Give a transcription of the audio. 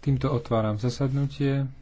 Týmto otváram zasadnutie.